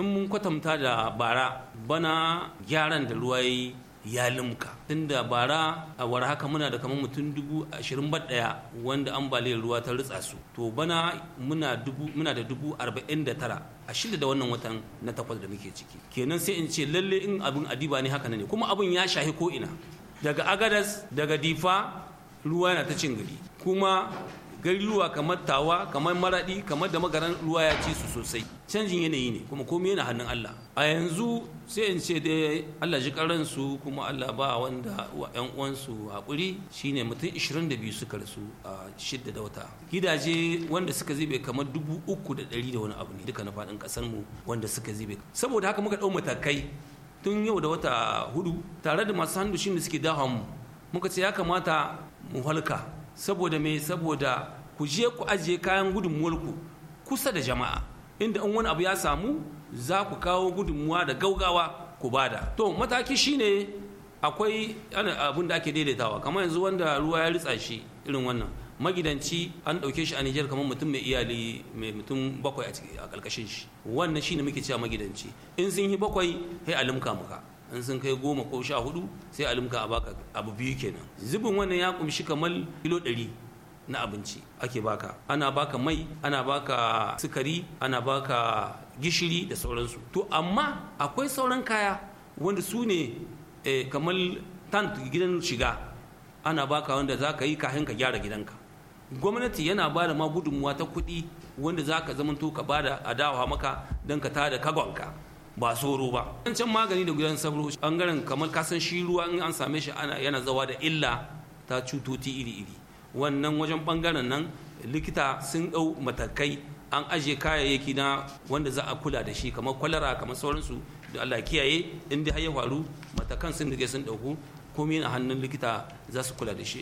in mun kwatanta da bara bana gyaran da ruwa yi ya limka tunda bara a war haka muna da kamar mutum dubu ashirin daya wanda ambaliyar ruwa ta ritsa su to bana muna da dubu arba'in da tara a shida da wannan watan na takwas da muke ciki kenan sai in ce lalle in abin adiba ne haka ne kuma abin ya shahi ko ina daga agadas daga difa ruwa yana ta cin gari kuma garuruwa kamar tawa kamar maradi kamar da magaran ruwa ya ci su sosai canjin yanayi ne kuma komai yana hannun Allah a yanzu sai in ce dai Allah ji karan su kuma Allah ba wanda wa ƴan uwansu hakuri shine mutum 22 suka rasu a shidda da wata gidaje wanda suka zube kamar dubu uku da ɗari da wani abu ne duka na faɗin ƙasar mu wanda suka zube saboda haka muka ɗau matakai tun yau da wata hudu tare da masu hannu shine suke dawa mu muka ce ya kamata mu halka saboda me saboda ku je ku ajiye kayan gudunmuwarku kusa da jama'a inda in wani abu ya samu za ku kawo gudunmuwa da gaugawa ku bada to mataki shine akwai abin da ake daidaitawa kamar yanzu wanda ruwa ya ritsa shi irin wannan magidanci an ɗauke shi a Nijar kamar mutum mai iyali mai mutum bakwai a ƙarƙashin shi wannan shine muke cewa magidanci in sun yi bakwai sai a limka muka in sun kai goma ko sha hudu sai a limka a baka abu biyu kenan zubin wannan ya kumshi kamar kilo ɗari na abinci ake baka ana baka mai ana baka sukari ana baka gishiri da sauransu to amma akwai sauran kaya wanda su ne eh, kamar tant gidan shiga ana baka wanda za ka yi kahin ka gyara gidanka gwamnati yana ba da gudunmuwa ta kuɗi wanda za ka zamanto ka ba da adawa maka don ka tada kagonka ba soro ba can magani da gidan sauro bangaren kamar kasan shi ruwa in an same shi yana zawa da illa ta cutoti iri-iri wannan wajen bangaren nan likita sun ɗau matakai an aje kayayyaki na wanda za a kula da shi kamar kwalara kamar sauransu da Allah kiyaye inda har ya faru matakan sun dige sun ɗauku komai a hannun likita za su kula da shi